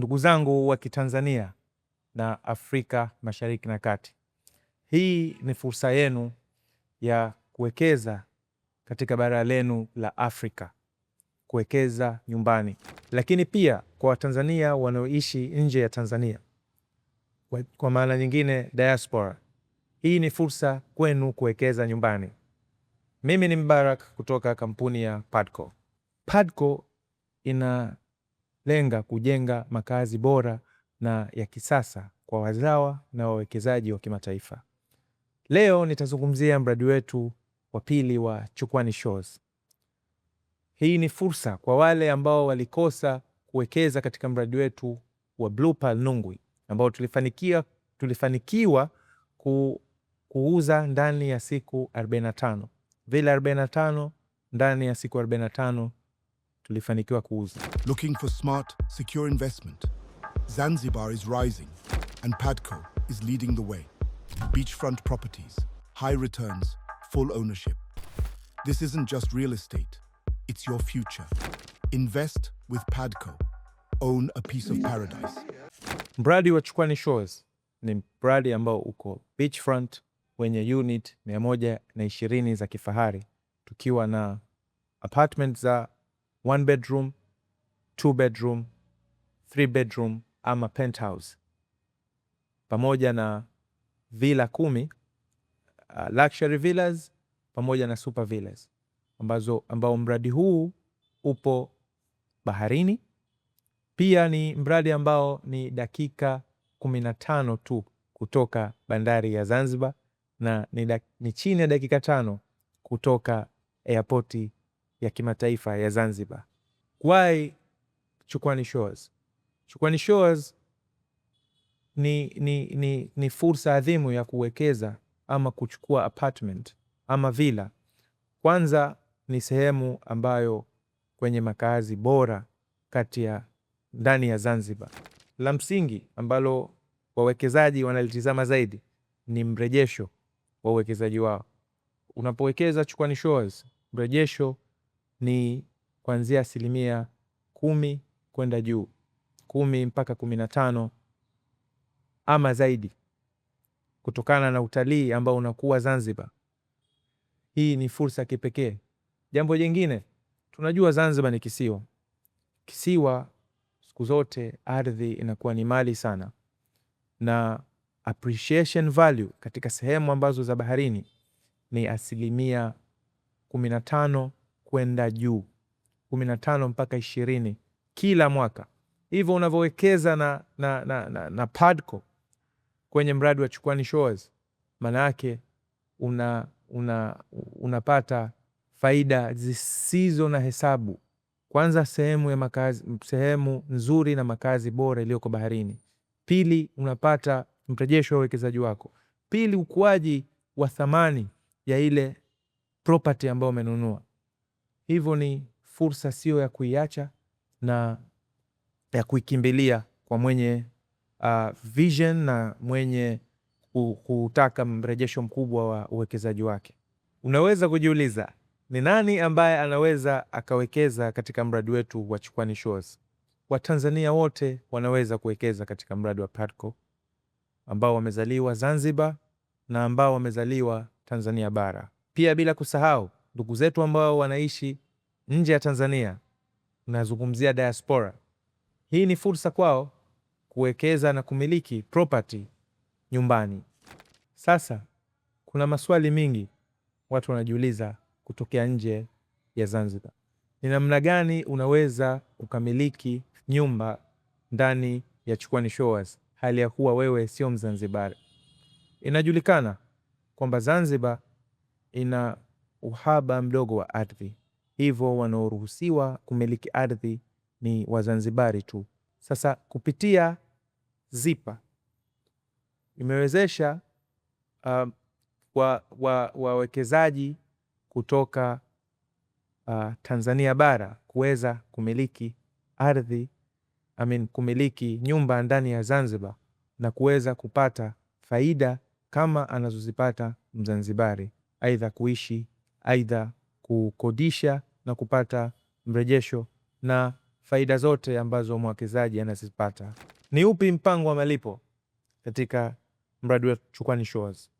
Ndugu zangu wa Kitanzania na Afrika Mashariki na Kati, hii ni fursa yenu ya kuwekeza katika bara lenu la Afrika, kuwekeza nyumbani, lakini pia kwa Watanzania wanaoishi nje ya Tanzania, kwa, kwa maana nyingine diaspora. Hii ni fursa kwenu kuwekeza nyumbani. Mimi ni Mbarak kutoka kampuni ya Padco. Padco ina lenga kujenga makazi bora na ya kisasa kwa wazawa na wawekezaji wa kimataifa. Leo nitazungumzia mradi wetu wa pili wa Chukwani Shores. Hii ni fursa kwa wale ambao walikosa kuwekeza katika mradi wetu wa Blue Pearl Nungwi ambao tulifanikiwa, tulifanikiwa ku, kuuza ndani ya siku 45 vile 45 ndani ya siku 45 kuuza. Looking for smart, secure investment. Zanzibar is rising and Padco is leading the way. Beachfront properties, high returns, full ownership. This isn't just real estate, it's your future. Invest with Padco. Own a piece of paradise. Mradi wa Chukwani Shores ni mradi ambao uko beachfront wenye unit 120 za kifahari tukiwa na apartment za one bedroom, two bedroom, three bedroom ama penthouse pamoja na villa kumi, uh, luxury villas pamoja na super villas ambazo ambao mradi huu upo baharini. Pia ni mradi ambao ni dakika kumi na tano tu kutoka bandari ya Zanzibar na ni, da, ni chini ya dakika tano kutoka airport ya kimataifa ya Zanzibar. Kwai Chukwani Shores. Chukwani Shores ni, ni, ni, ni fursa adhimu ya kuwekeza ama kuchukua apartment ama villa. Kwanza ni sehemu ambayo kwenye makazi bora kati ya ndani ya Zanzibar. La msingi ambalo wawekezaji wanalitizama zaidi ni mrejesho wa uwekezaji wao. Unapowekeza Chukwani Shores, mrejesho ni kuanzia asilimia kumi kwenda juu, kumi mpaka kumi na tano ama zaidi, kutokana na utalii ambao unakuwa Zanzibar. Hii ni fursa kipekee. Jambo jingine, tunajua Zanzibar ni kisiwa. Kisiwa siku zote ardhi inakuwa ni mali sana, na appreciation value katika sehemu ambazo za baharini ni asilimia kumi na tano kwenda juu, kumi na tano mpaka ishirini kila mwaka. Hivyo unavyowekeza na, na, na, na, na Padco kwenye mradi wa Chukwani Shores, maana yake una, una, unapata faida zisizo na hesabu. Kwanza sehemu ya makazi, sehemu nzuri na makazi bora iliyoko baharini. Pili, unapata mrejesho wa uwekezaji wako. Pili, ukuaji wa thamani ya ile property ambayo umenunua. Hivyo ni fursa sio ya kuiacha na ya kuikimbilia kwa mwenye uh, vision na mwenye kutaka mrejesho mkubwa wa uwekezaji wake. Unaweza kujiuliza ni nani ambaye anaweza akawekeza katika mradi wetu wa Chukwani Shores? Watanzania wote wanaweza kuwekeza katika mradi wa Padco ambao wamezaliwa Zanzibar na ambao wamezaliwa Tanzania bara. Pia bila kusahau ndugu zetu ambao wanaishi nje ya Tanzania, nazungumzia diaspora. Hii ni fursa kwao kuwekeza na kumiliki property nyumbani. Sasa kuna maswali mingi watu wanajiuliza kutokea nje ya Zanzibar, ni namna gani unaweza ukamiliki nyumba ndani ya Chukwani Showers hali ya kuwa wewe sio Mzanzibari. Inajulikana kwamba Zanzibar ina uhaba mdogo wa ardhi, hivyo wanaoruhusiwa kumiliki ardhi ni Wazanzibari tu. Sasa kupitia ZIPA imewezesha um, wawekezaji wa, wa kutoka uh, Tanzania bara kuweza kumiliki ardhi I mean, kumiliki nyumba ndani ya Zanzibar na kuweza kupata faida kama anazozipata Mzanzibari, aidha kuishi aidha kukodisha na kupata mrejesho na faida zote ambazo mwekezaji anazipata. Ni upi mpango wa malipo katika mradi wa Chukwani Shores?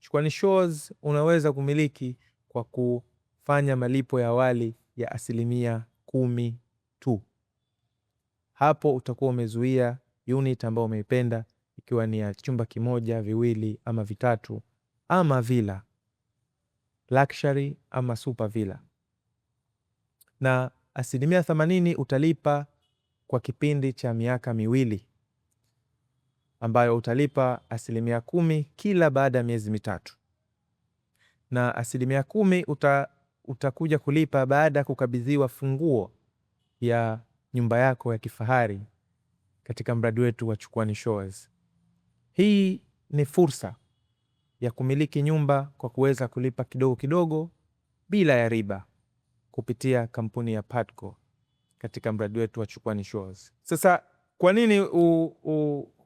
Chukwani Shores unaweza kumiliki kwa kufanya malipo ya awali ya asilimia kumi tu. Hapo utakuwa umezuia unit ambayo umeipenda ikiwa ni ya chumba kimoja, viwili ama vitatu ama vila luxury ama super villa, na asilimia themanini utalipa kwa kipindi cha miaka miwili ambayo utalipa asilimia kumi kila baada ya miezi mitatu na asilimia kumi uta, utakuja kulipa baada ya kukabidhiwa funguo ya nyumba yako ya kifahari katika mradi wetu wa Chukwani Shores. Hii ni fursa ya kumiliki nyumba kwa kuweza kulipa kidogo kidogo bila ya riba kupitia kampuni ya Patco katika mradi wetu wa Chukwani Shores. Sasa kwa nini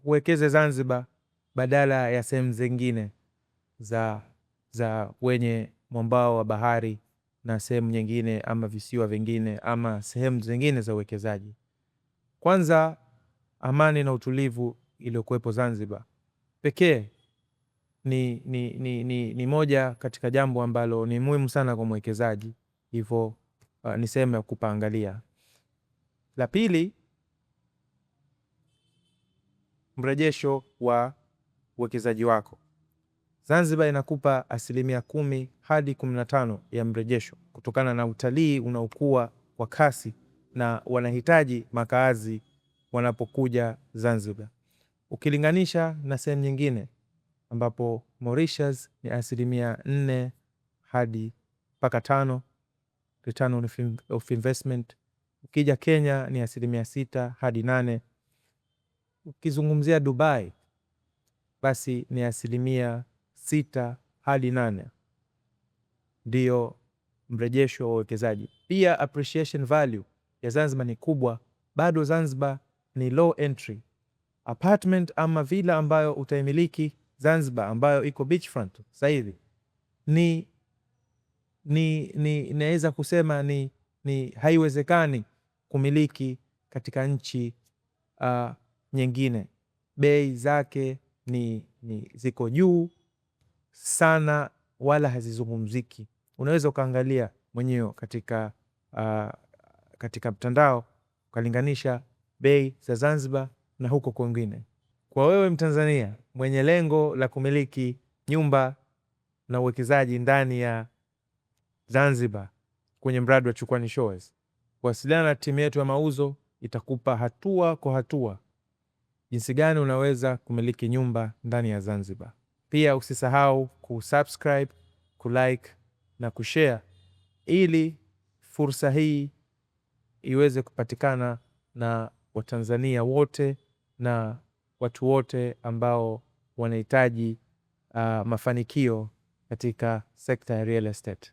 uwekeze Zanzibar badala ya sehemu zingine za, za wenye mwambao wa bahari na sehemu nyingine ama visiwa vingine ama sehemu zingine za uwekezaji? Kwanza, amani na utulivu iliyokuwepo Zanzibar pekee ni, ni, ni, ni, ni moja katika jambo ambalo ni muhimu sana kwa mwekezaji, hivyo uh, ah, ni sehemu ya kupaangalia. La pili, mrejesho wa uwekezaji wako. Zanzibar inakupa asilimia kumi hadi kumi na tano ya mrejesho kutokana na utalii unaokua kwa kasi na wanahitaji makaazi wanapokuja Zanzibar, ukilinganisha na sehemu nyingine ambapo Mauritius ni asilimia nne hadi mpaka tano return on of investment. Ukija Kenya ni asilimia sita hadi nane. Ukizungumzia Dubai basi ni asilimia sita hadi nane ndiyo mrejesho wa uwekezaji. Pia appreciation value ya Zanzibar ni kubwa bado. Zanzibar ni low entry apartment ama vila ambayo utaimiliki Zanzibar ambayo iko beachfront sasa hivi ni ni ni naweza kusema ni, ni haiwezekani kumiliki katika nchi uh, nyingine. Bei zake ni, ni ziko juu sana, wala hazizungumziki. Unaweza ukaangalia mwenyewe katika uh, katika mtandao ukalinganisha bei za Zanzibar na huko kwingine. Kwa wewe Mtanzania mwenye lengo la kumiliki nyumba na uwekezaji ndani ya Zanzibar kwenye mradi wa Chukwani Shores, wasiliana na timu yetu ya mauzo, itakupa hatua kwa hatua jinsi gani unaweza kumiliki nyumba ndani ya Zanzibar. Pia usisahau kusubscribe, kulike na kushare ili fursa hii iweze kupatikana na Watanzania wote na watu wote ambao wanahitaji uh, mafanikio katika sekta ya real estate.